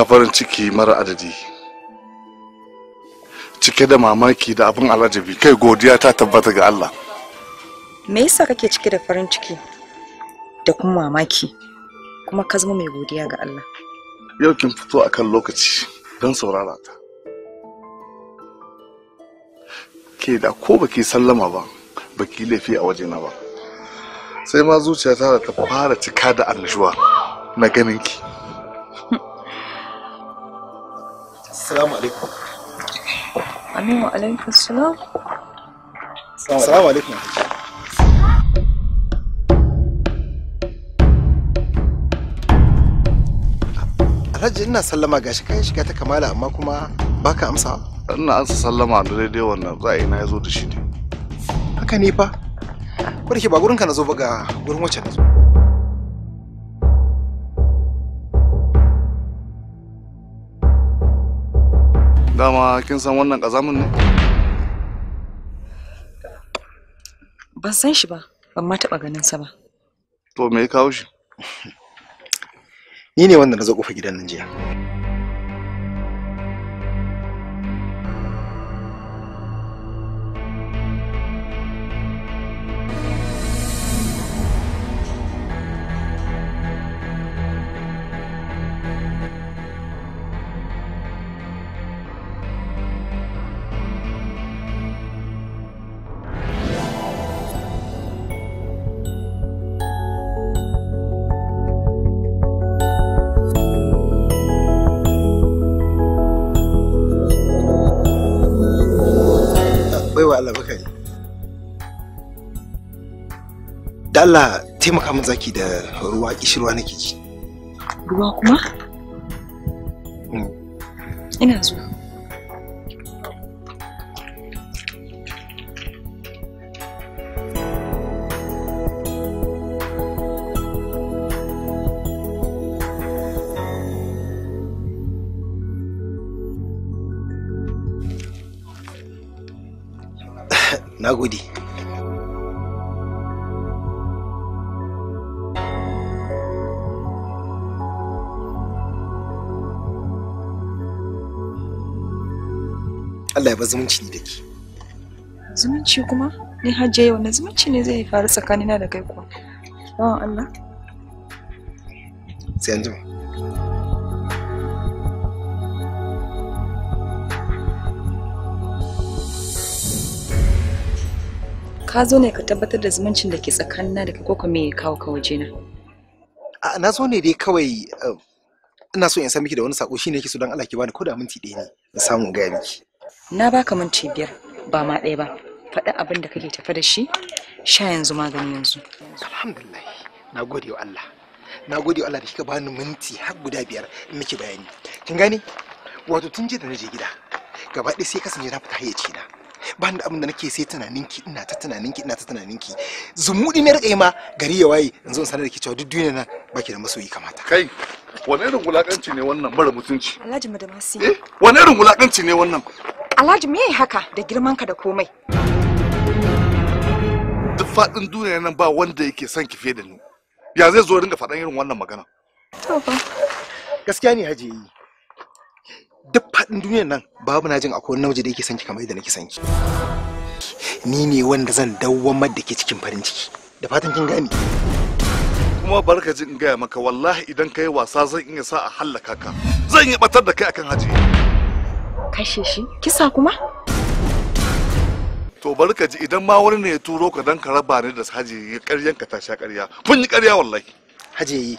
ina farin ciki mara adadi cike da mamaki da abin alajabi kai godiya ta tabbata ga Allah me yasa kake cike da farin ciki da kuma mamaki kuma ka zama mai godiya ga Allah yau kin fito akan lokaci don saurara ta ke da ko baki sallama ba baki laifi a wajena ba sai ma zuciyata ta fara cika da annashuwa na ganin ki Assalamu alaikum. Aminu alaikum salam. Assalamu alaikum. Alhaji ina sallama gashi kai shiga ta kamala amma kuma baka amsa. Ina ansa sallama da daidai wannan yi na yazo da shi ne. Haka ne fa. Barki ba gurin ka na zo ba ga gurin wacce na zo. Dama kin san wannan ƙazamin ne? Ban san shi ba, ban ma taɓa ganin sa ba. To me ya kawo shi? Ni ne wanda na zo kufa gidan nan jiya. Allah bakari da Allah taimaka min zaki da ruwa kishirwa nake ji ruwa kuma mm. ina zuwa Allah ya ba zumunci ne da ke. Zumunci kuma? Ni hajjiya yau na zumunci ne zai faru tsakanina da kai kuwa. Bawan Allah. Sai an jima. ka zo ne ka tabbatar da zumuncin da ke tsakanina da ko me kawo ka waje na na zo ne dai kawai eh, ina so in san miki da wani sako shine yake so dan Allah ki bani ko da minti ɗaya ne in samu ga miki na baka minti biyar ba ma ɗaya ba faɗi abin da kake tafi da shi sha yanzu magani yanzu alhamdulillah na gode wa Allah na gode wa Allah da kika bani minti har guda biyar in miki bayani kin gane wato tun jiya da na je gida gaba ɗaya sai kasance na fita hayyaci na ba da abin da nake sai ki ina ta ki ina ta ki zumudi ne rike ma gari ya waye yanzu in sanar da ke cewa duk duniya na baki da masoyi kamata kai wane irin wulakanci ne wannan mara mutunci alhaji madamasi eh wani irin wulakanci ne wannan Alhaji me haka da girman ka da komai? Duk faɗin duniya nan ba wanda yake son ki fiye da ni. Ya zai zo ringa faɗan irin wannan magana? To fa. Gaskiya ne Haji yi. Duk faɗin duniya nan babu na jin akwai namiji da yake son ki kamar yadda nake son ki. Ni ne wanda zan dawwamar da ke cikin farin ciki. Da fatan kin gane. kuma barka ji in gaya maka wallahi idan ka yi wasa zan iya sa a hallaka ka zan yi batar da kai akan haji kashe shi kisa kuma to bari ka ji idan ma wani ne ya turo ka dan ka raba ni da haji ya karyan ka tasha karya kun yi karya wallahi yi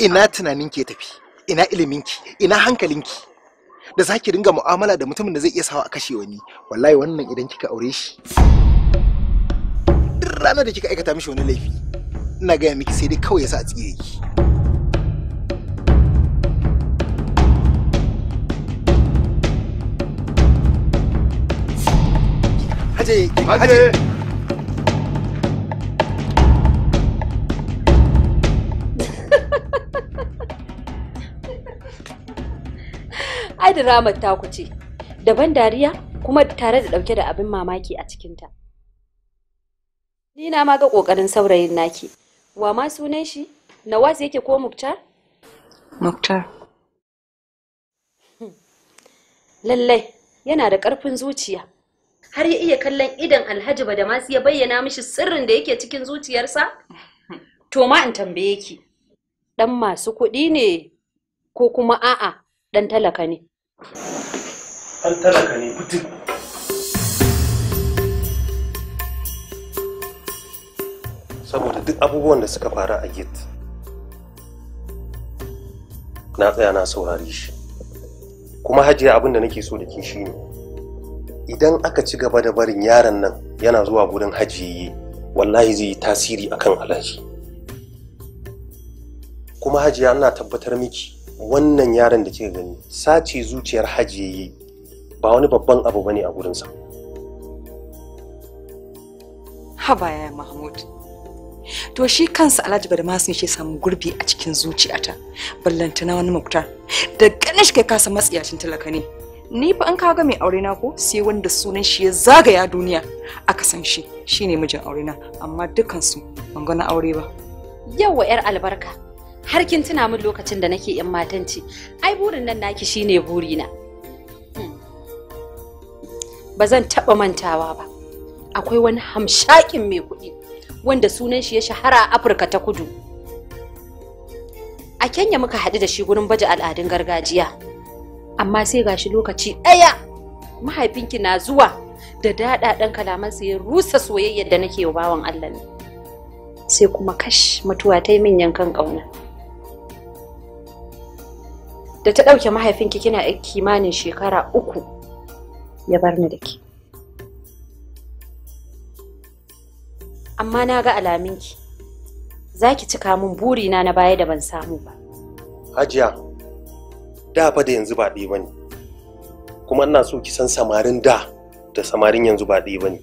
ina tunanin ke tafi ina iliminki ina hankalinki da zaki dinga mu'amala da mutumin da zai iya sawa a kashe wani wallahi wannan idan kika aure shi duk ranar da kika aikata mishi wani laifi ina gaya miki sai dai kawai yasa sa a tsire ki aje aje ai dramar taku ce daban dariya kuma tare da dauke da abin mamaki a cikinta ni na ma ga kokarin saurayin naki wa ma sunan shi nawaz yake ko muktar muktar hmm. lallai yana da karfin zuciya har ya iya kallon idan alhaji badamasi ya bayyana mishi sirrin da yake cikin zuciyarsa to ma in tambaye ki dan masu kuɗi ne ko kuma a'a dan talaka ne dan talaka ne mutum saboda duk abubuwan da suka faru a git na tsaya na saurari shi kuma hajiya abin da nake so da ke shi ne idan aka ci gaba da barin yaron nan yana zuwa gudun hajiyi wallahi zai yi tasiri akan alhaji kuma hajiya ana tabbatar miki wannan yaron da kika gani sace zuciyar hajiyi ba wani babban abu bane a gurinsa haba ya mahmud to shi kansa alhaji bada masu shi samu gurbi a cikin zuciyata na wani muktar da ganin shi kai kasa matsiyacin talaka ne ni fa in kaga mai aure na ko sai wanda sunan shi ya zagaya duniya aka san shi shine mijin aure na amma dukan su ban ga na aure ba yawa yar albarka har kin tuna min lokacin da nake yan matanci ai burin nan naki shine burina hmm. ba zan taba mantawa ba akwai wani hamshakin mai kuɗi wanda sunan shi ya shahara a Afirka ta Kudu a Kenya muka haɗu da shi gurin baje al'adun gargajiya amma sai gashi lokaci ɗaya mahaifinki na zuwa da daɗa kalaman kalamansa ya rusa soyayyar da nake wa bawan Allah ne sai kuma kash mutuwa ta yi min yankan ƙauna da ta ɗauke mahaifinki kina yan kimanin shekara uku ya bar ni da ke amma na ga alaminki za ki cika min burina na baya da ban samu ba hajiya da fa da yanzu ba ɗaya bane kuma ina so ki san samarin da da samarin yanzu ba ɗaya bane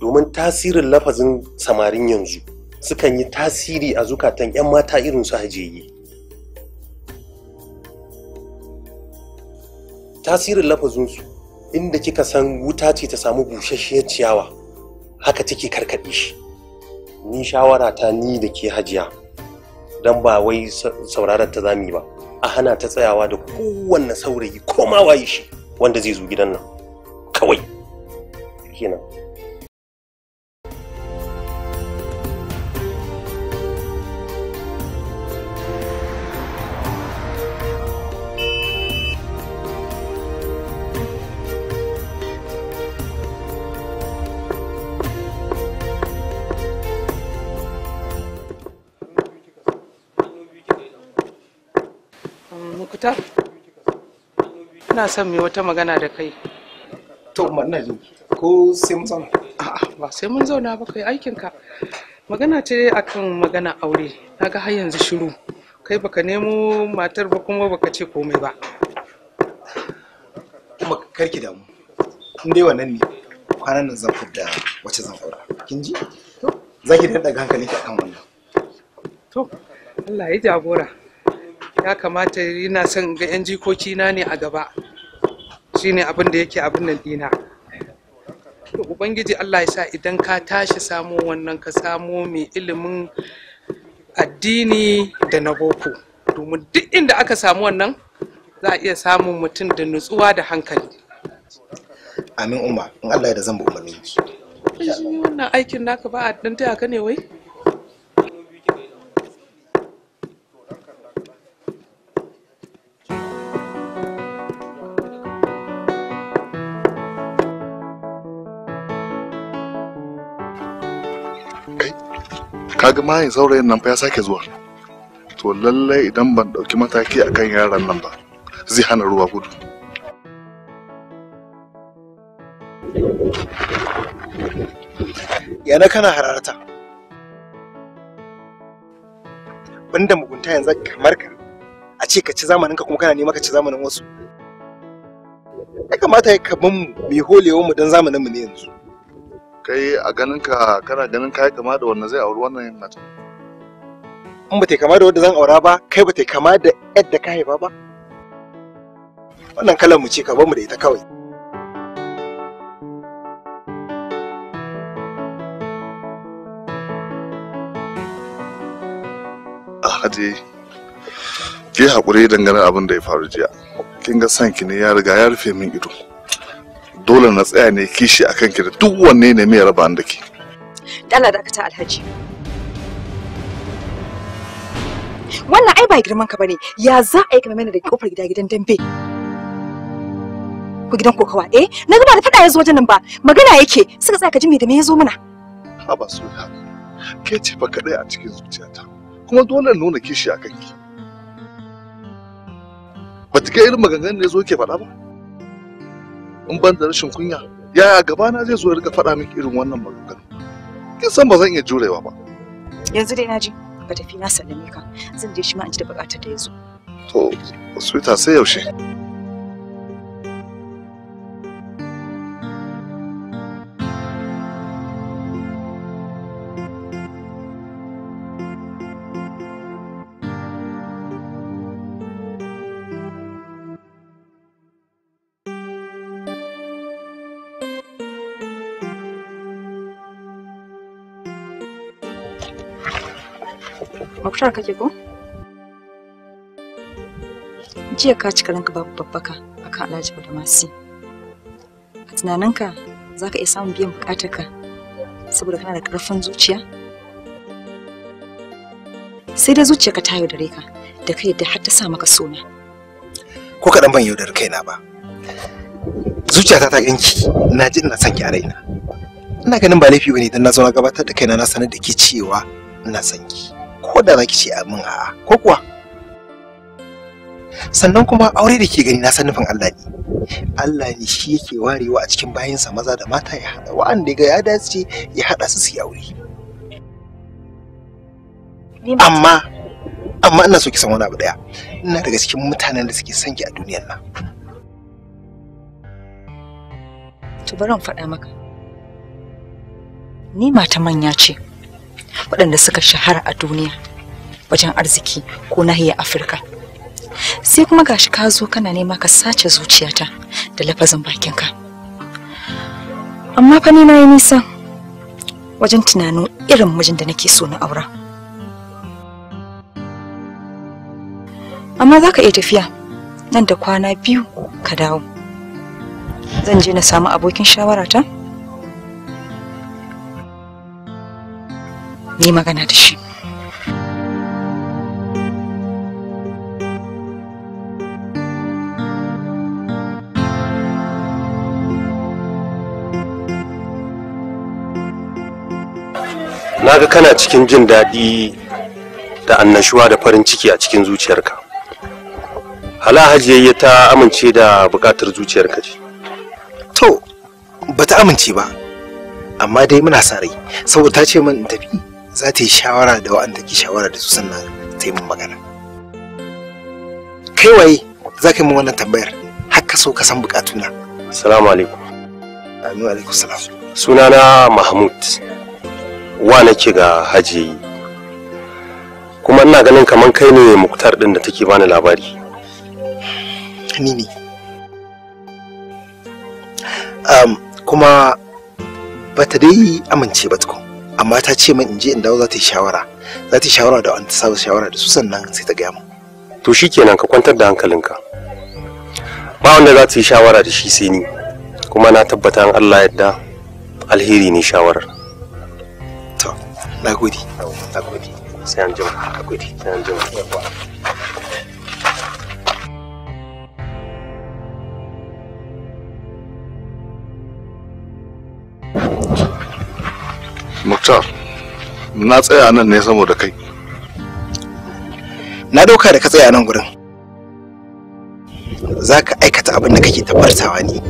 domin tasirin lafazin samarin yanzu sukan yi tasiri a zukatan 'yan mata irin su hajiyi tasirin lafazinsu inda kika san wuta ce ta samu busasshiyar ciyawa haka take karkaɗe shi ni shawara ta ni da ke hajiya don ba wai sauraron ta zami ba a hana ta tsayawa da kowanne saurayi ko ma shi wanda zai zo gidan nan kawai kenan ina son mai wata magana da kai to ina jin ko sai mun zauna a'a ba sai mun zauna ba kai aikinka magana ce akan magana aure na ga har yanzu shiru kai baka nemo matar ba kuma baka ce komai ba kuma karki damu in dai wannan ne kwanan nan zan fidda wacce zan aura kin ji to zaki da daga hankalinki akan wannan to Allah ya jagora ya kamata yana son ga 'yan jikoki na ne a gaba shine abin da yake abin nan dina ubangiji allah ya sa idan ka tashi samo wannan ka samo mai ilimin addini da na boko domin duk inda aka samu wannan za a iya samun mutum da nutsuwa da hankali amin Umar. in allah ya da zan bi umarninki wannan aikin naka ba a dan taya ka ne wai ga mayin saurayin nan fa ya sake zuwa to lallai idan ban ɗauki mataki a kan yaran nan ba zai hana ruwa gudu yana kana hararta banda mugunta yanzu kamar ka a ce ka ci zamanin ka kuma kana nema ka ci zamanin wasu ya kamata ya kaman mu mai holewa mu don zamanin mu ne yanzu kai a ganin ka kana ganin kai kama da wanda zai auri wannan mata in ba kama da wanda zan aura ba kai ba ta kama da yadda ka haifa ba wannan kalan mu ce ka mu da ita kawai Alhaji ke haƙuri dangane abin da ya faru jiya kin ga sanki ne ya riga ya rufe min ido dole na tsaya ne kishi a kanki da duk wanne ne mai raba da ke dala da ta alhaji wannan ai ba girman ka bane ya za a yi kamar mana da kofar gida gidan dambe ku gidan kokawa eh na gaba da fada ya zo wajen nan ba magana yake suka tsaya ka ji me da me ya zo mana ha ba so ya ke ce fa kaɗai a cikin zuciyata kuma dole na nuna kishi a kanki. ba ta kai irin maganganun da ya zo ke faɗa ba in ban da rashin kunya yaya gabana zai zo ya riga faɗa miki irin wannan maganganu kin san ba zan iya jurewa ba yanzu dai naji ka tafi na sallame ka zan je shi ma in ji da bukatar da yazo to sweetheart sai yaushe muktar kake ko jiya ka cika ranka babu babbaka akan alhaji badamasi a tunaninka za ka iya samun biyan bukatarka saboda kana da karfin zuciya sai dai zuciyarka ta yaudare ka da kai da har ta sa maka suna ko kaɗan ban yaudar kaina ba zuciyata ta ganki na ji ina son ki a raina ina ganin ba laifi bane idan na zo na gabatar da kaina na sanar da ke cewa ina son ki ko da ki ce amin a'a ko kuwa sannan kuma aure da ke gani na san nufin Allah ne Allah ne shi yake warewa a cikin bayansa maza da mata ya haɗa wa'anda ga ya dace ya haɗa su su yi aure amma amma ina so ki san wani abu daya ina daga cikin mutanen da suke son ki a duniyar nan to bari in faɗa maka ni mata manya ce waɗanda suka shahara a duniya wajen arziki ko nahiya afirka sai kuma gashi ka zo kana nema ka sace zuciyata da lafazin bakinka amma fa ni na yi nisa wajen tunanin irin mijin da nake so na aura amma za ka iya tafiya nan da kwana biyu ka dawo zan je na samu abokin shawarata ni magana da shi Na naga kana cikin jin daɗi da annashuwa da farin ciki a cikin zuciyarka hala ya ta amince da buƙatar zuciyarka ce to ta amince ba amma dai muna sa rai saboda ta ce min in tafi za ta yi shawara da wa'anda ke shawara da su sannan ta yi min magana kai waye za ka yi min wannan tambayar har ka so ka san bukatuna assalamu alaikum aminu alaikum salam sunana mahmud wa nake ga Haji kuma ina ganin kamar kai ne muktar din da take bani labari ni ne um, kuma bata dai amince ba tukun amma ta ce min in je in dawo za ta yi shawara za ta yi shawara da wani ta saba shawara da su sannan sai ta gaya mu. to shikenan ka kwantar da hankalinka ba wanda za ta yi shawara da shi sai ni kuma na tabbata an Allah yadda alheri ne shawarar to na gode na gode sai an jima na gode sai an jima Mukhtar, na tsaya nan ne saboda kai na dauka da ka tsaya nan gurin za ka aikata abin da kake tabbatawa ne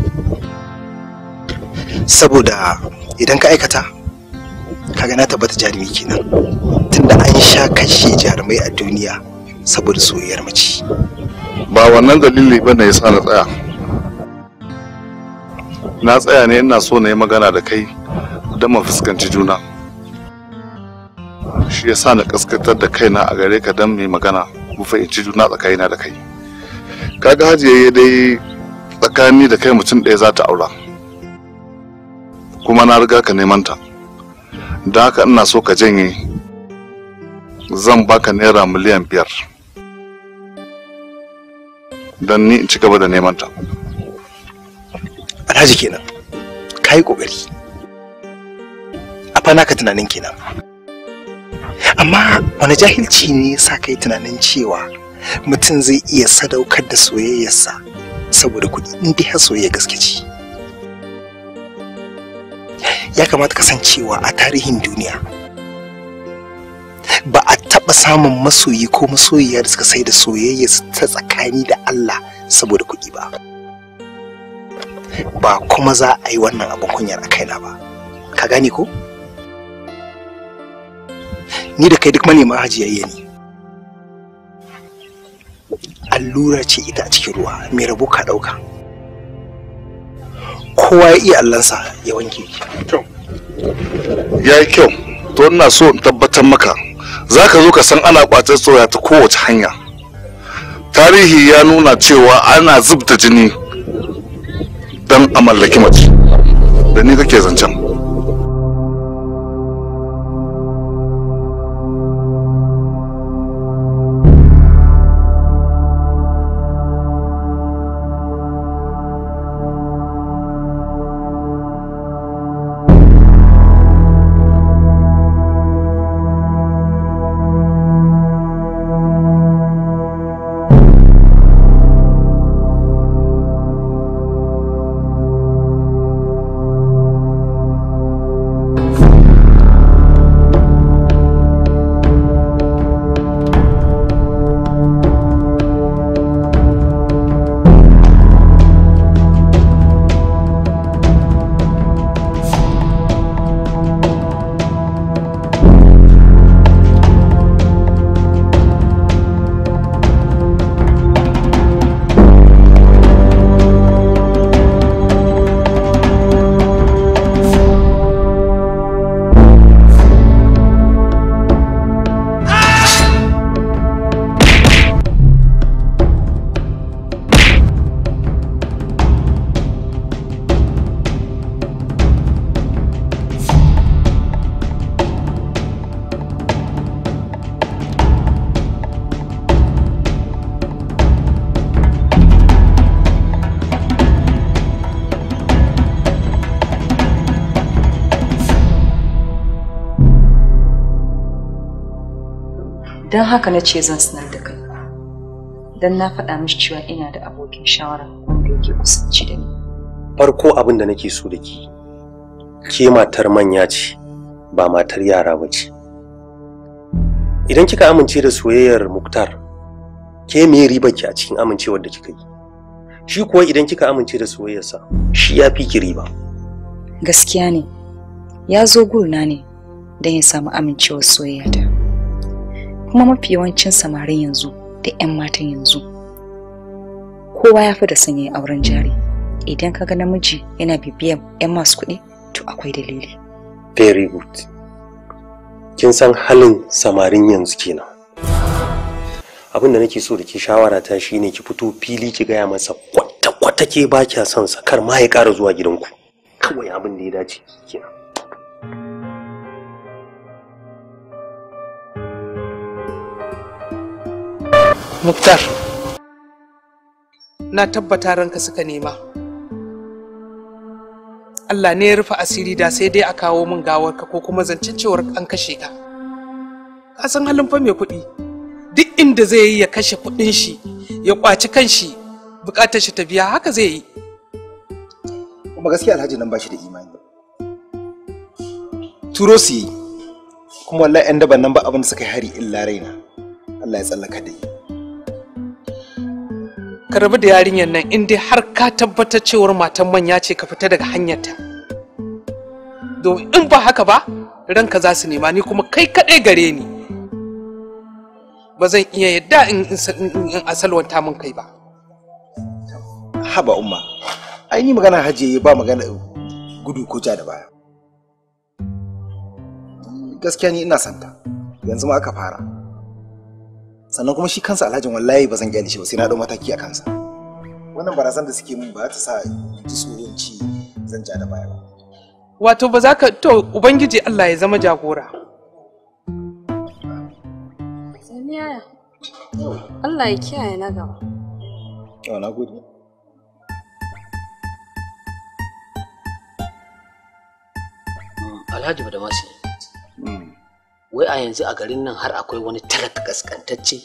saboda idan ka aikata kaga na tabbata jarumi kenan tunda an sha kashe jarumai a duniya saboda soyayyar mace ba wannan dalili ba ne sa na tsaya na tsaya ne ina so na yi magana da kai da mu fuskanci juna shi yasa na kaskatar da kaina a gare ka don mai magana mu fahimci juna tsakanina da kai kaga hajiya dai tsakani da kai mutum ɗaya za ta aura kuma na riga ka neman ta da haka ina so ka janye zan baka naira miliyan biyar don ni in ci gaba da neman ta alhaji kenan ka yi ƙoƙari fa naka tunanin kenan amma wani jahilci ne ya sa kai tunanin cewa mutum zai iya sadaukar da soyayyarsa saboda kuɗi in dai har soyayya gaske ce ya kamata kasancewa a tarihin duniya ba a taɓa samun masoyi ko masoyiya da suka sai da soyayya ta tsakani da Allah saboda kuɗi ba ba kuma za a yi wannan abin kunyar a kaina ba ka gane ko? ni da kai duk manema hajiyayya ne allura ce ita a cikin ruwa mai rabo ka ɗauka kowa ya iya allansa ya wanke ya yi kyau to ina so in tabbatar maka za ka zo ka san ana ƙwatar tsoya ta kowace hanya tarihi ya nuna cewa ana zubta jini don a mallaki mace da ni kake zancen don haka na ce zan sanar da kai don na faɗa mishi cewa ina da abokin shawara wanda yake kusanci da ni farko abin da nake so da ke matar manya ce ba matar yara ba ce idan kika amince da soyayyar muktar ke me riba ki a cikin amincewar da kika yi shi kuwa idan kika amince da soyayyarsa shi ya fi ki riba gaskiya ne ya zo gurna ne don ya samu amincewar soyayyata kuma mafi yawancin samarin yanzu da 'yan matan yanzu kowa ya fi da sanyin auren jari idan ka ga namiji yana bibiyan 'yan masu kuɗi to akwai dalili very good kin san halin samarin yanzu kenan abin da nake so da ke shawara ta shine ki fito fili ki gaya masa kwata-kwata ke ba kya son sakar ma ya ƙara zuwa gidanku kawai abin da ya dace kenan Muktar. Na tabbata ranka suka nema. Allah ne ya rufe asiri da sai dai a kawo min gawarka ko kuma zancen cewar an kashe ka. Ka san halin fa mai kuɗi. Duk inda zai yi ya kashe kuɗin shi, ya kwaci kanshi, bukatar shi ta biya haka zai yi. Kuma gaskiya Alhaji nan ba shi da imani. Turo su yi. Kuma wallahi 'yan daban nan ba abin da suka yi hari illa raina. Allah ya tsallaka da yi. ka rabu da yarinyar nan in dai har ka tabbatar cewar matan manya ce ka fita daga hanyarta domin in ba haka ba ranka za su nema ni kuma kai kaɗai gare ni ba zan iya yadda in asalwanta min kai ba haba umma ainihi magana hajiye ba magana gudu ko ja da baya gaskiya ni ina santa yanzu ma aka fara sannan kuma shi kansa alhajin wallahi ba zan gyale shi ba sai na dau mataki a kansa wannan barazan da suke min ba ta sa ji tsoron ci zan ja da baya ba wato ba za ka to ubangiji Allah ya zama jagora Allah ya kiyaye na gaba yau na gode Alhaji Badamasi wai a yanzu a garin nan har akwai wani talaka kaskantacce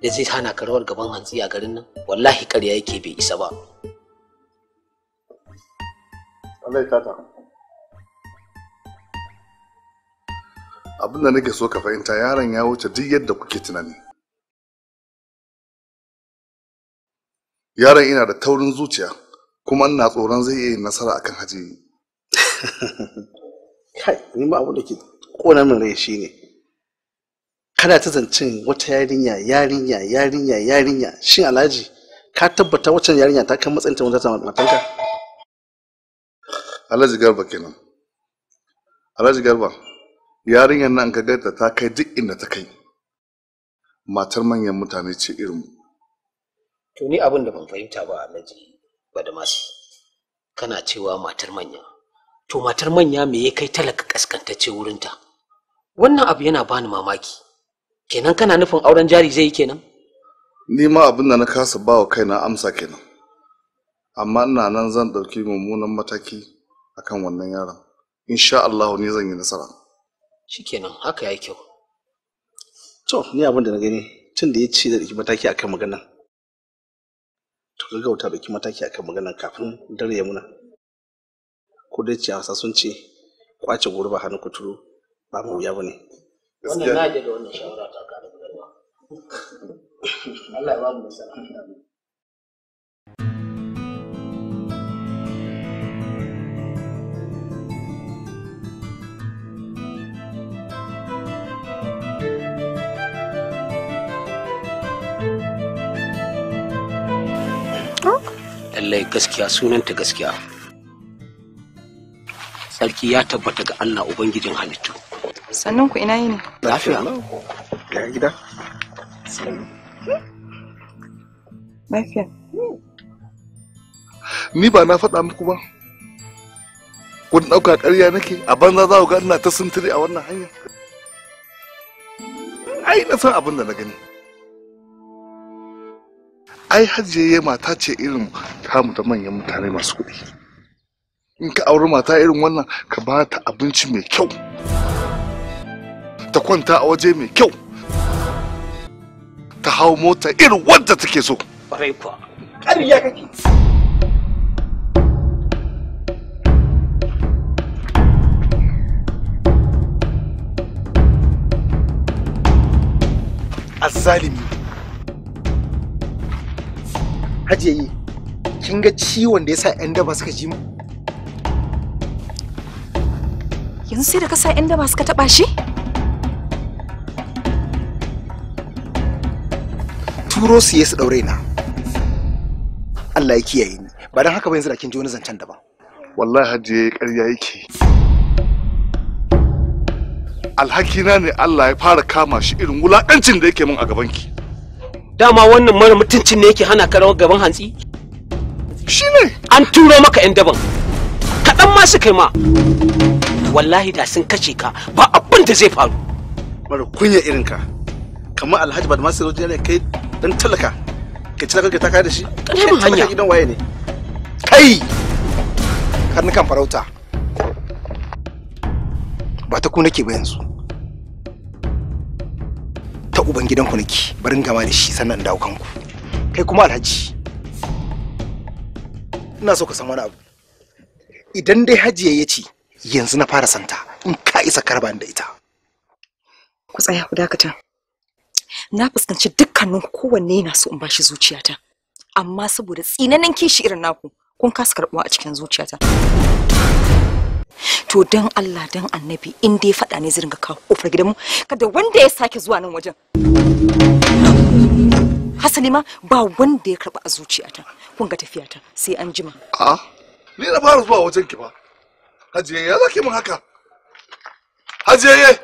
da zai hana karuwar gaban hantsi a garin nan wallahi karya yake bai isa ba Allah tata abin nake so ka fahimta yaron ya wuce duk yadda kuke tunani yaron ina da taurin zuciya kuma ina tsoron zai iya nasara akan haji kai ni ba abin da ke kona min rai kada ta zancen wata yarinya yarinya yarinya yarinya shin alhaji ka tabbata wacce yarinya ta kan matsayin ta wanda ta matanka alhaji garba kenan alhaji garba yarinyar nan ka gaita ta kai duk inda ta kai matar manyan mutane ce irin to ni abin da ban fahimta ba alhaji masu. kana cewa matar manya to matar manya me ya kai talaka kaskantacce wurinta wannan abu yana bani mamaki kenan kana nufin auren jari zai yi kenan ni ma abin da na kasa bawa kaina amsa kenan amma ina nan zan ɗauki mummunan mataki akan wannan yaron insha Allah ne zan yi nasara shikenan haka ya kyau to ni abin da na gani tun da ya ce da ɗauki mataki akan maganar to gaggauta ɗauki mataki akan maganar kafin dare ya muna ko da hausa sun ce kwace gurba hannu kuturu ba mu wuya bane wannan na da wannan Allah lallai gaskiya sunanta gaskiya sarki ya tabbata ga Allah Ubangijin halittu. Sannan ku ina yini? Lafiya. Ga gida. Lafiya. Ni ba na faɗa muku ba. Kun ɗauka ƙarya nake a banza za ku ga ina ta sintiri a wannan hanya. Ai na san abin da na gani. Ai hajjiye mata ce irin kamu da manyan mutane masu kuɗi. in ka auri mata irin wannan ka ba ta abinci mai kyau ta kwanta a waje mai kyau ta hau mota irin wadda take so ƙwarai azzalimi hajiyayi kin ga ciwon da yasa 'yan daba suka ji mu Yanzu sai da ka sa 'yan daba ka taɓa shi? Turo su su ɗaure na. Allah ya kiyaye ni. Ba don haka ba yanzu da kin ji wani zancen daban. Wallahi Hajiya ƙarya yake. alhakina ne Allah ya fara kama shi irin wulaƙancin da yake min a gabanki. Dama wannan mara mutuncin ne yake hana ka gaban hantsi? Shi ne. An turo maka 'yan daban. ma suka yi ma wallahi da sun kace ka ba abin da zai faru mara kunya irin ka kamar alhaji bad sai rojiya kai dan talaka ka ci kanka ta kai da shi kai hanya gidan waye ne kai karnukan farauta ba ta ku nake ba yanzu ta uban gidanku nake barin gama da shi sannan dawo kanku kai kuma alhaji ina so ka san wani abu idan dai hajiya ya ce yanzu na fara santa in ka isa karban da ita ku tsaya ku dakata na fuskanci dukkanin kowanne yana so in bashi zuciyata amma saboda tsinanin kishi irin naku kun kasa karɓuwa a cikin zuciyata to dan Allah dan annabi in dai faɗa ne zai ga kawo kofar gidanmu kada wanda ya sake zuwa nan wajen hasali ma ba wanda ya karɓa a zuciyata kun ga tafiyata sai an jima a'a ah, ni na fara zuwa wajen ki ba hajiye ya zaki min haka hajiye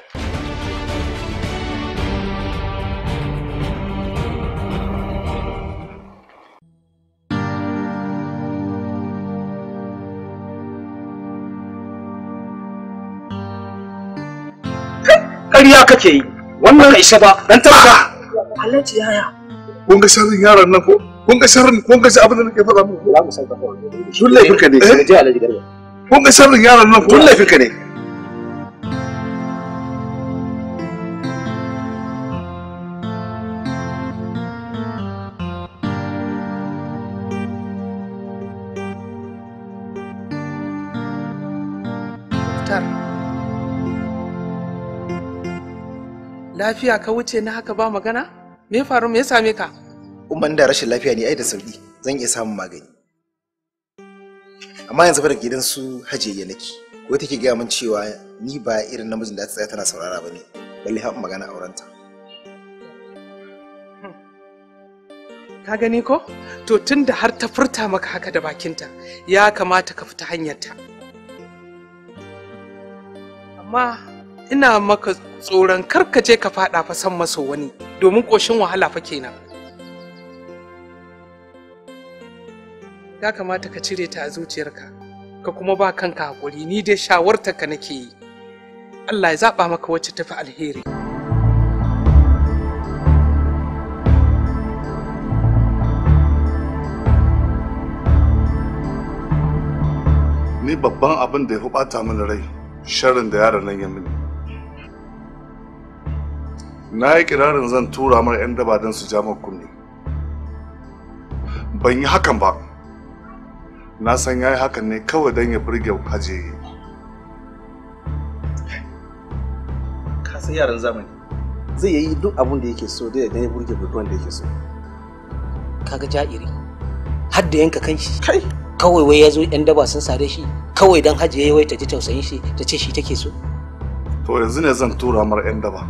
ƙarya kake yi wannan ka isa ba dan tabbata halacci ah! yaya kun ga sharrin yaran nan ko kun ga sharrin kun ga abin da nake faɗa muku za mu san ne eh, sai je alaji yaron nan ka ne Lafiya ka wuce na haka ba magana? Me faru me ya same ka? kuma da rashin lafiya ne ai da sauki zan iya samun magani amma yanzu fa da gidan su ya nake ko take gaya min cewa ni ba irin namijin da ta tsaya tana saurara ba ne balle har magana aurenta ka gani ko to tunda har ta furta maka haka da bakinta ya kamata ka fita hanyarta amma ina maka tsoron karkace ka fada fa san maso wani domin koshin wahala fa kenan ya kamata ka cire ta a zuciyarka ka kuma ba kanka hakuri ni dai ka nake yi Allah ya zaɓa maka wacce fi alheri ni babban abin da ya fi ɓata mini rai sharrin da yaron nan ya mini na yi kirarin zan tura mara 'yan daba don su ja kunne ban yi hakan ba na san ya yi hakan ne kawai don ya burge hajiye ka san yaran zamani zai yi duk abin da yake so da ya burge budurwan da yake so kaga ja'iri har da yanka kanshi kai kawai wai ya zo yan daba sun sare shi kawai don hajiye wai ta ji tausayin shi ta ce shi take so to yanzu ne zan tura mar yan daba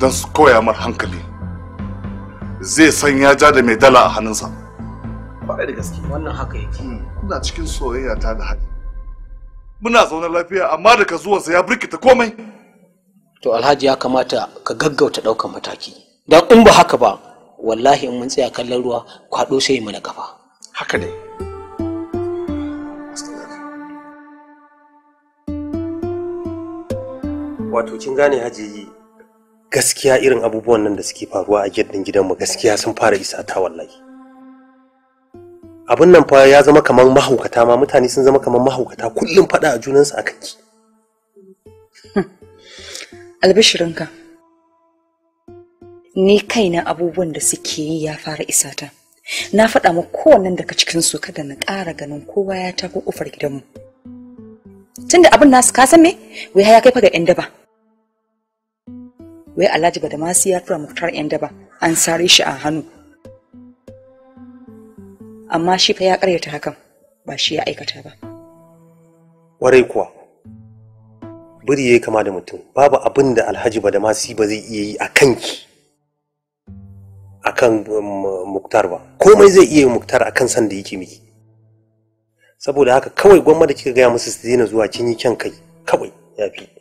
don su koya mar hankali zai san ya ja da mai dala a hannunsa kwarai da gaske wannan haka yake hmm. ina cikin soyayya ta da hali muna zaune lafiya amma da ka zuwansa ya birkita komai to alhaji ya kamata ka gaggauta ɗaukan mataki Da in ba haka ba wallahi in mun tsaya kallon ruwa kwaɗo sai na kafa haka ne wato kin gane hajiyi gaskiya irin abubuwan nan da suke faruwa a gidan gidanmu gaskiya sun fara isa ta wallahi abin nan fa ya zama kamar mahaukata ma mutane sun zama kamar mahaukata kullum faɗa a junansu a kanki hmm. albishirinka ni kaina abubuwan da suke yi ya fara isata na faɗa ma kowannen daga cikinsu kada na ƙara ganin kowa ya tako ƙofar gidanmu tunda abin nasu ka san me wai ya kai fa ga 'yan daba wai alhaji badamasi ya tura muftar 'yan daba an sare shi a hannu amma shi fa ya karyata hakan ba shi ya aikata ba warai kuwa biri ya kama da mutum babu abin da alhaji ba da masi ba zai iya yi a kanki a kan um, muktar ba komai zai iya muktar a kan san da yake miki saboda haka kawai gwamma da kika gaya musu su daina zuwa kin yi kyan kai kawai ya fi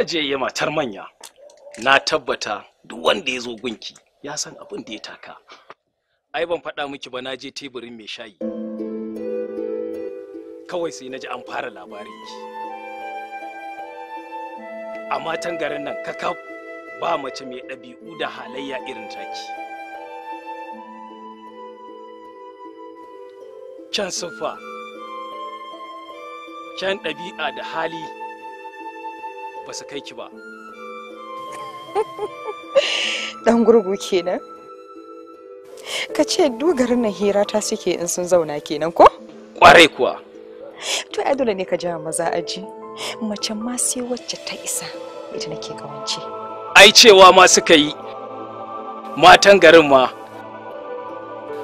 hajiye matar manya na tabbata duk wanda ya zo gunki ya san abin da ya taka ai ban faɗa miki ba na je teburin mai shayi kawai sai na ji an fara labarin ki. a matan garin nan kaka ba mace mai ɗabi'u da halayya irin taki can siffa can ɗabi'a da hali ba su kai ki ba dan gurgu kenan ka ce dogarin nan hira ta suke in sun zauna kenan ko kwarai kuwa to ai dole ne ka ja maza aji mace ma sai wacce ta isa ita nake kawance ai cewa ma suka yi matan garin ma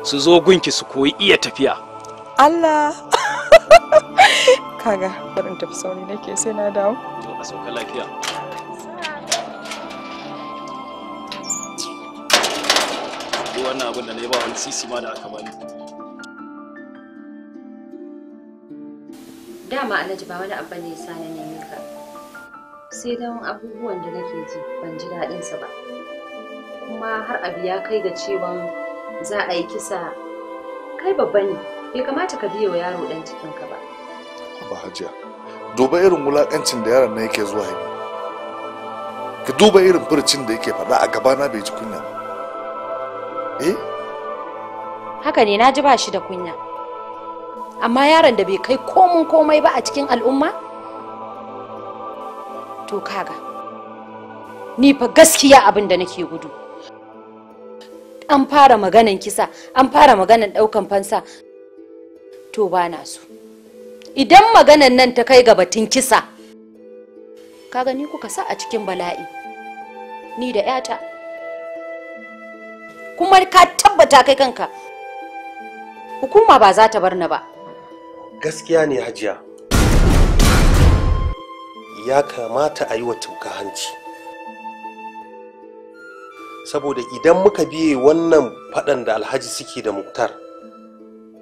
su zo gunki su koyi iya tafiya Allah kaga barin tafi sauri nake sai na dawo sauka lafiya duk wannan abin da na yi ba wani sisi ma da aka bani dama alhaji ba wani abu ne yasa na neme ka sai don abubuwan da nake ji ban ji daɗinsa ba kuma har abu ya kai ga cewa za a yi kisa kai babba ne bai kamata ka biya wa yaro ɗan cikinka ba ba hajiya duba irin wulakancin da yaron na yake zuwa yi ka duba irin furcin da yake faɗa a gaba na bai ji kunya eh haka ne na ji ba shi da kunya amma yaron da bai kai komun komai ba a cikin al'umma to kaga ni fa gaskiya abin da nake gudu an fara maganan kisa an fara maganan ɗaukan fansa to ba na so idan maganan nan ta kai ga batun kisa kaga ni kuka sa a cikin bala'i ni da yata kuma ka tabbata kai kanka hukuma ba za ta bar ni ba gaskiya ne hajiya ya kamata a yi wa tuka hanci saboda idan muka biye wannan faɗan da alhaji suke da muktar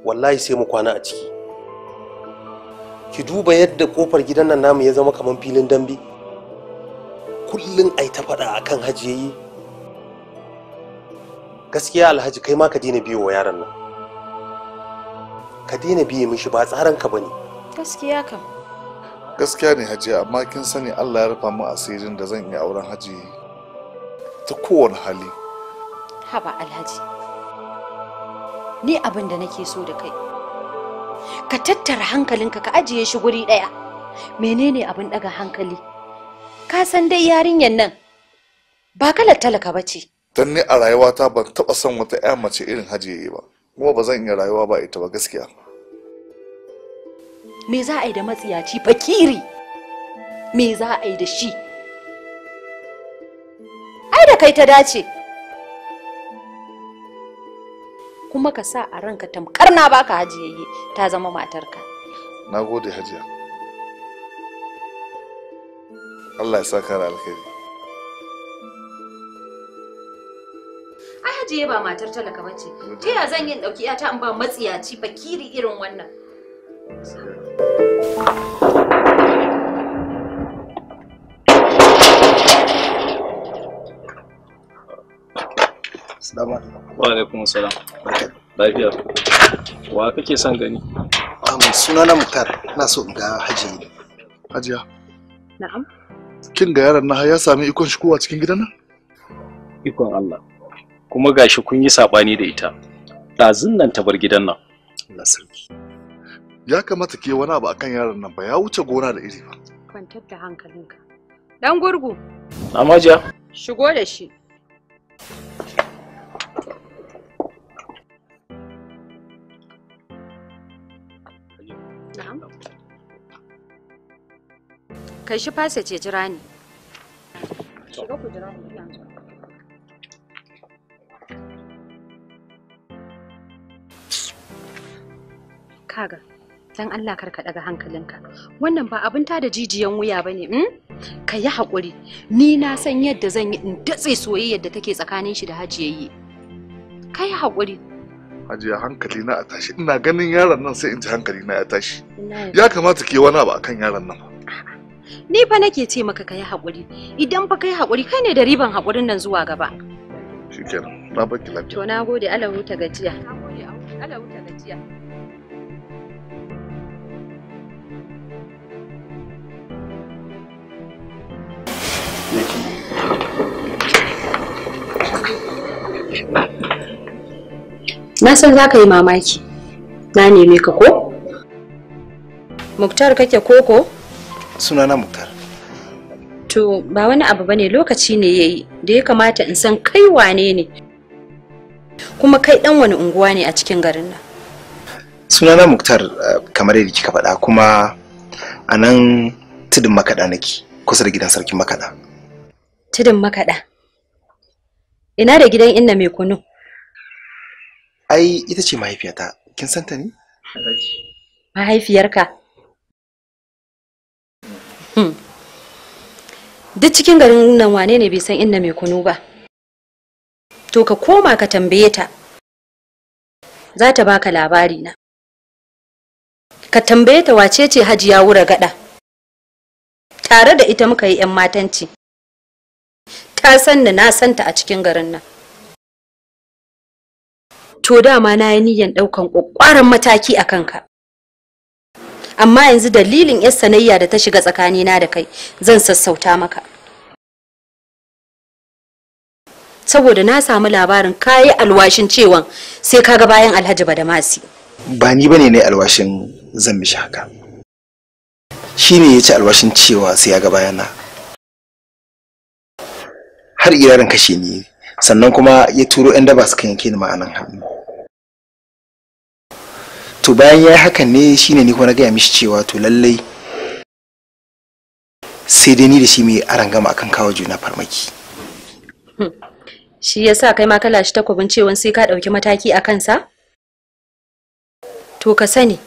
wallahi sai mu kwana a ciki ki duba yadda kofar gidan nan namu ya zama kamar filin dambe kullum ai ta faɗa akan hajiyayi gaskiya alhaji kai ma ka daina biyo wa yaron nan ka daina biye mishi ba tsaran ka bane gaskiya kam gaskiya ne hajiya amma kin sani Allah ya rufa min asirin da zan iya auren haji ta kowane hali haba alhaji ni abin da nake so da kai ka tattara hankalinka ka ajiye shi guri ɗaya menene abin ɗaga hankali ka san dai yarinyar nan ba kalar talaka ba ce dan ni a rayuwata ban taɓa son wata ƴa mace irin hajiye ba kuma ba zan iya rayuwa ba ita ba gaskiya me za a yi da matsiyaci fakiri me za a yi da shi ai da kai ta dace kuma ka sa a ranka tamkar na baka hajiyayye ta zama matarka na gode hajiya Allah ya saka da alkhairi ai hajiya ba matar talaka bace ta ya zan yi dauki ta in ba matsiyaci bakiri irin wannan Thank you. Assalamu alaikum. Wa salam. assalam. Lafiya. Wa kake son gani? Um, na Muktar, ina so in ga Haji. Hajiya. Na'am. Kin ga yaron na ya sami ikon shi kowa cikin gidan nan? Ikon Allah. Kuma gashi kun yi sabani da ita. Ɗazun nan ta bar gidan nan. Allah sarki. Ya kamata ke wani abu akan yaron nan ba ya wuce gona da iri ba. Kwantar da hankalinka. Dan gurgu. Amaja. Shigo da shi. Kai shi fasa ce jira ne. Shiga ku jira ne Kaga, dan Allah kar ka daga hankalinka. Wannan ba abin ta da jijiyan wuya ba ne hmm? Ka yi haƙuri. Ni na san yadda zan yi in datse soyayyar da take tsakanin shi da hajiyayye. Ka yi haƙuri. ajiya hankali na a tashi ina ganin yaron nan sai in ji hankali na ya tashi ya kamata ke wani abu akan yaron nan ni fa nake ce maka kai hakuri idan fa kai hakuri kai ne da riban hakurin nan zuwa gaba shikenan na baki lafiya to na gode Allah huta gajiya Allah huta gajiya Thank you. na san za ka yi mamaki na neme ka ko muktar kake koko sunana muktar to ba wani abu bane lokaci ne ya yi da ya kamata in san kai wane ne kuma kai ɗan wani unguwa ne a cikin garin nan sunana muktar eh, kamar yadda kika faɗa kuma a nan tudun makaɗa nake kusa da gidan sarkin makaɗa tudun makaɗa ina da gidan inna mai kunu Ai ita ce mahaifiyata, kin san ta ne? Mahaifiyarka? Hmm. Duk cikin garin nan wane ne bai san inna mai kunu ba? To ka koma ka tambaye ta. Za ta baka labari na. Ka tambaye ta wace ce hajiya wura gada. Tare da ita muka yi 'yan matanci. Ta san na na santa a cikin garin nan. to dama na yi niyyar ɗaukan ƙwaƙƙwaran mataki a kanka amma yanzu dalilin yar sanayya da ta shiga tsakanina da kai zan sassauta maka saboda na samu labarin kayi alwashin cewa sai kaga bayan alhaji badamasi ba ni bane ne alwashin zan mishi haka shine ya ci alwashin cewa sai ya ga bayana har irarin kashe ni sannan kuma ya turo 'yan ba su yanke ni ma'anan hannu to bayan ya yi hakan ne shine ni kuma na gaya mishi cewa to lallai sai dai ni da shi mai arangama akan kawo juna farmaki hmm. shi ya sa kai ma kala shi takwabin cewon sai ka ɗauki mataki a kansa to ka sani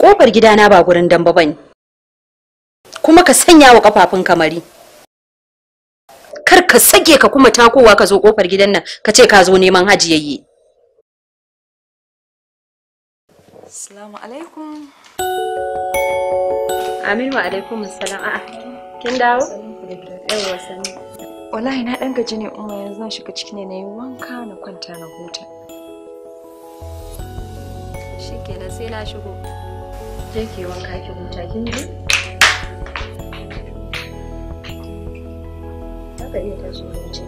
ƙofar gidana ba gurin damba ba ne kuma ka sanya wa kafafun kamari kar ka sage ka kuma takowa ka zo kofar gidan nan ka ce ka zo neman yayi Assalamu alaikum Amin wa alaikum assalam a'a kin dawo yawa sani wallahi na dan gaji ne umma yanzu zan shiga cikin ne nayi wanka na kwanta na huta shikenan sai na shigo je ke wanka ki huta kin ji ka iya tashi ka wuce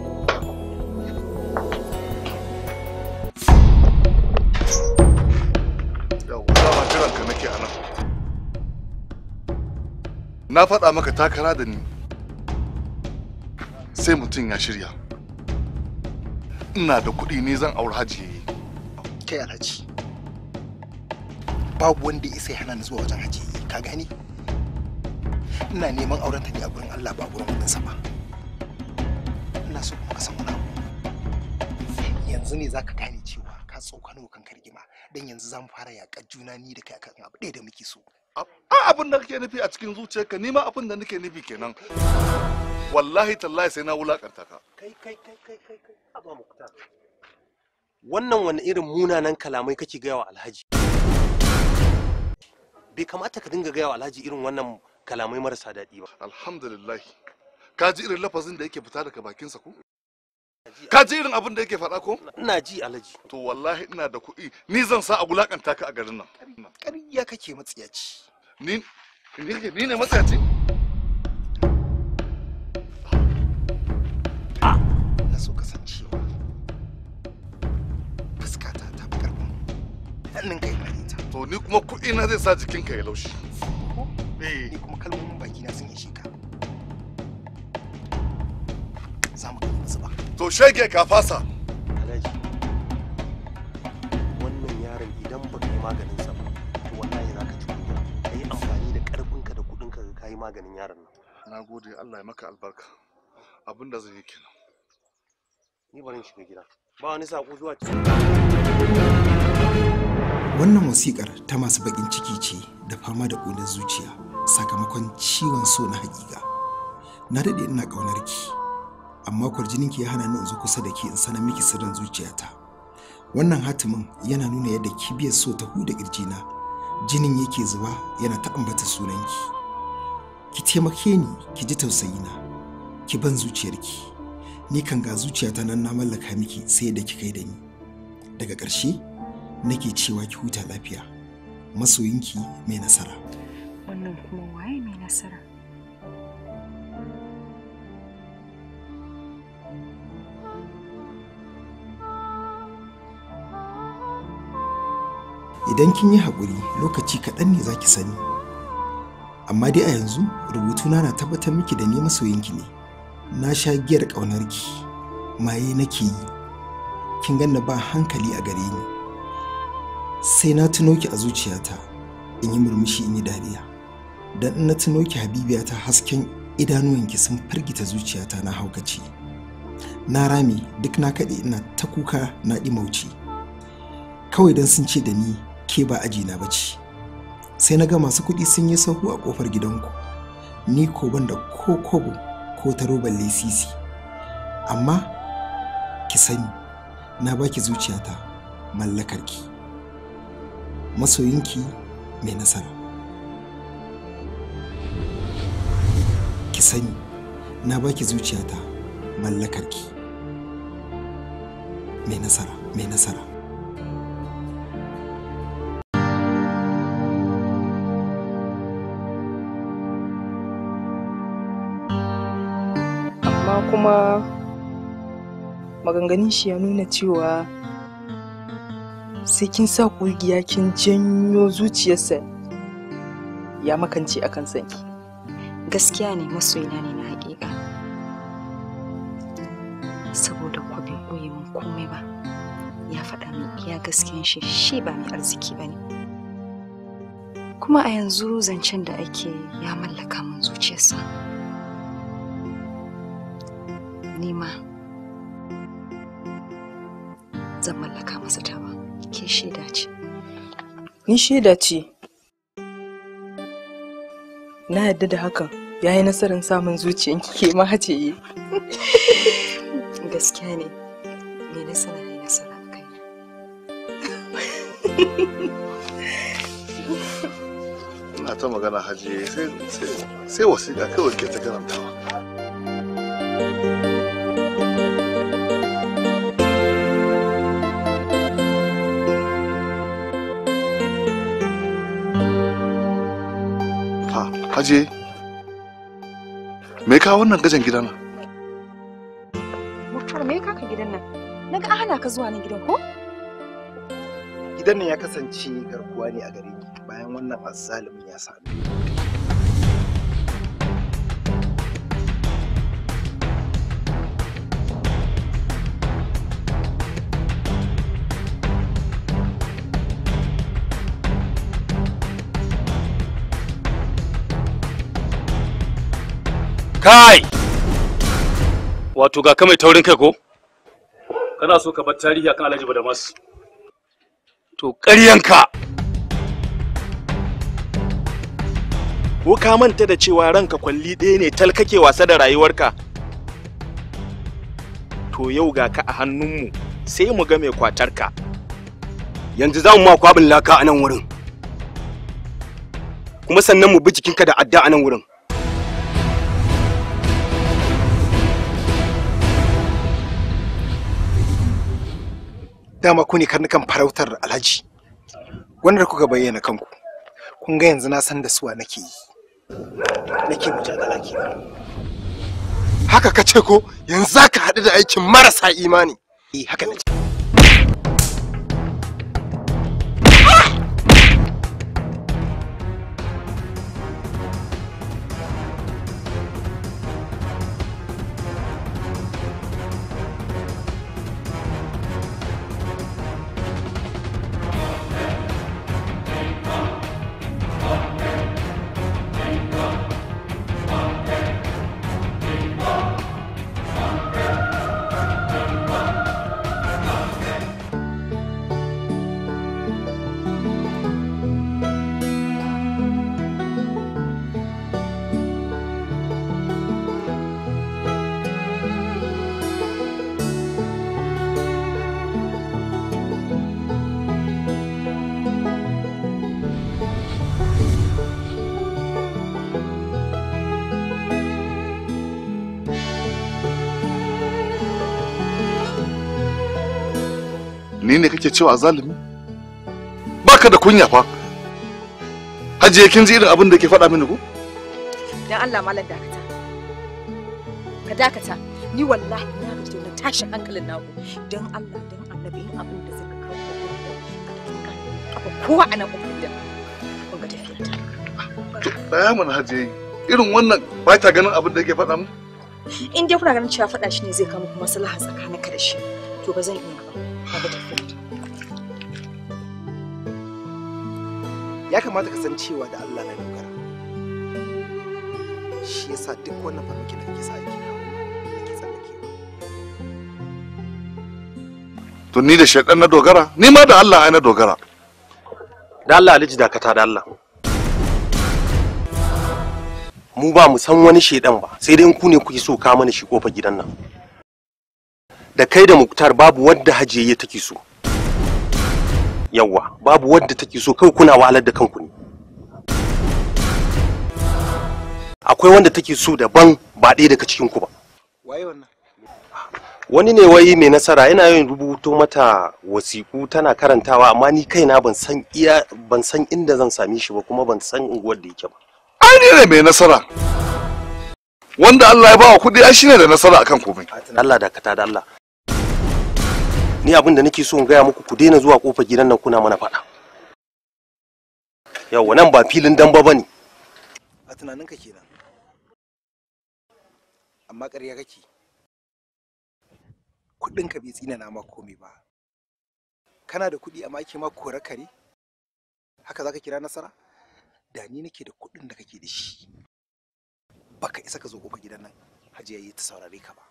na faɗa maka takara da ni sai mutum ya shirya ina da kuɗi ne zan aure haji yayi kai alhaji babu wanda isa hana ni zuwa wajen haji ka gani ina neman auren ta ne a gurin Allah ba gurin sa ba ina so ka san wani abu yanzu ne zaka gane cewa ka tsokano kan kargima dan yanzu zamu fara yaƙar juna ni da kai akan abu ɗaya da muke so a abin da kake nufi a cikin zuciyarka ni ma abin da nake nufi kenan wallahi tallahi sai na wulakanta ka kai kai kai kai kai aba muktar wannan wani irin munanan kalamai kake gaya wa alhaji bai kamata ka dinga gaya wa alhaji irin wannan kalamai marasa daɗi ba alhamdulillah ka ji irin lafazin da yake fita daga bakinsa ko ka ji irin abin da yake faɗa ko ina ji alaji to wallahi ina da kuɗi ni zan sa a gulakanta ka a garin nan ƙarya kake matsiyaci ni ni ne matsiyaci ah! na so kasancewa fuskata ta fi ƙarfin hannun kai ta to ni kuma kuɗi na zai sa jikinka ya laushi shege ka fasa alhaji wannan yaron idan ba ka yi maganin sa to wallahi za ka ci kunya ka yi amfani da karfinka da kudin ka yi maganin yaron nan na gode allah ya maka albarka abin da zai yi kenan ni barin shiga gida ba wani sako zuwa wannan musikar ta masu bakin ciki ce da fama da ƙunar zuciya sakamakon ciwon so na hakika na daɗe ina ƙaunar ki amma kwarjininki ya hana ni in zo kusa da ki in sanar miki sirrin zuciyata wannan hatimin yana nuna yadda ki biya so ta huda na jinin yake zuba yana ta ambata sunanki ki taimake ni ki ji tausayi na ki ban zuciyarki ni kan ga zuciyata nan na mallaka miki sai da kika yi da ni daga ƙarshe nake cewa ki huta lafiya masoyinki mai nasara wannan kuma waye mai nasara idan kin yi hakuri, lokaci kaɗan ne za ki sani amma dai a yanzu rubutuna na tabbatar miki da ni masoyinki ne na sha giyar ƙaunarki maye nake yi kin ganna ba hankali a gare ni sai na tuno ki a zuciyata in yi murmushi in yi dariya dan in na tuno ki habibiyata hasken idanuwanki sun firgita zuciyata na haukace na rame duk na kaɗe ina ta kuka na ɗi mauci kawai don sun ce da ni ke ba ajina ba ce sai na ga masu kuɗi sun yi sahu a ƙofar gidanku ni ko ban da ko kobo ko taro balle sisi amma ki sani na baki zuciyata mallakarki masoyinki mai nasara ki sani na baki zuciyata mallakarki mai nasara mai nasara kuma maganganun shi ya nuna cewa sai kin sa ƙugiya kin janyo zuciyarsa ya makance akan sanki gaskiya ne masoyina ne na haƙiƙa saboda ku bai koyi min komai ba ya faɗa min iya gaskiyan shi shi ba mai arziki ba ne kuma a yanzu zancen da ake ya mallaka min zuciyarsa ni ma zan mallaka masa tawa ke shaida ce ni shaida ce na yadda da hakan ya yi nasarar samun zuciyanki ke ma yi gaskiya ne ne na sana ne na sana kai na ta magana haji sai wasiƙa kawai ke ta karantawa Aje? me ka wannan gajen gidan nan? Muktar me ka gidan nan? Na ga hana ka zuwa nan gidan ko? Gidan nan ya kasance garkuwa ne a gare ni bayan wannan azzalumin ya sami. Kai! Wato ga mai taurin kai ko? Kana so ka bar tarihi akan Alhaji Badamas. To ƙaryanka! Ko ka manta da cewa ranka kwalli ɗaya ne tal kake wasa da rayuwarka? To yau ga ka a hannunmu sai mu ga mai kwatarka. Yanzu za mu ma kwabin laka a nan wurin. Kuma sannan mu bi jikinka da adda a nan wurin. dama ku ne karnukan farautar alhaji wanda kuka bayyana kanku kun ga yanzu na san da suwa nake yi nake mujadala ke haka ka ce ko yanzu za ka haɗu da aikin marasa imani eh haka na ce ni ne kake cewa zalimi baka da kunya fa hajiya kin ji irin abin da ke faɗa mini ko dan Allah malam dakata ka dakata ni wallahi na ga tsoron tashi hankalin naku dan Allah dan annabi in abin da zaka kawo ka ka kowa a nan ofin da kun ga tafiya ta daya mana haje irin wannan ba ta ganin abin da yake faɗa mu in dai kuna ganin cewa faɗa shi ne zai kama kuma maslaha tsakaninka da shi to ba zan iya ba betrifft. Ya kamata ka san cewa da Allah na dogara. Shi yasa duk wannan farmaki da kake sa ake kawo kake tsallakewa. To ni da shaidan na dogara, ni ma da Allah ai na dogara. Da Allah Alhaji dakata da Allah. Mu ba mu san wani shaidan ba, sai dai in ku ne kuke so ka mana shi kofar gidan nan. da kai da muktar babu wadda hajiyayya take so yawa babu wadda take so kai kuna wahalar da kanku ne akwai wanda take so daban ba ɗaya daga cikin ku ba waye wannan wani ne wai mai nasara yana yin rubuto mata wasiku tana karantawa amma ni kaina ban san iya ban san inda zan same shi ba kuma ban san unguwar da yake ba ai ne mai nasara wanda Allah ya ba wa kuɗi ai shine da nasara akan komai Allah dakata da Allah ni abin da nake so in gaya muku ku daina zuwa kofar gidan nan kuna mana faɗa yawa nan ba filin damba bane ne a tunaninka kenan amma ƙarya kake kuɗinka bai tsina ma komai ba kana da kuɗi amma ake ma kore kare haka zaka kira nasara da ni nake da kuɗin da kake da shi baka isa ka zo kofar gidan nan hajiya yi ta saurare ka ba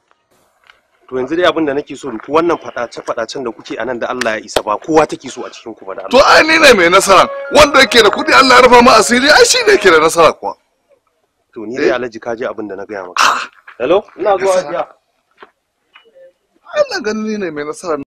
to yanzu dai abin da nake so ku wannan fadace fadacen da kuke anan da Allah ya isa ba kowa take so a cikin ku ba da Allah to ai ni ne mai nasara wanda yake da kudi Allah ya rufa mu asiri ai shi ne yake da nasara kuwa to ni dai eh? Alhaji kaji abin da na gaya maka ah! hello ina zuwa ajiya Allah ganin ni ne mai nasara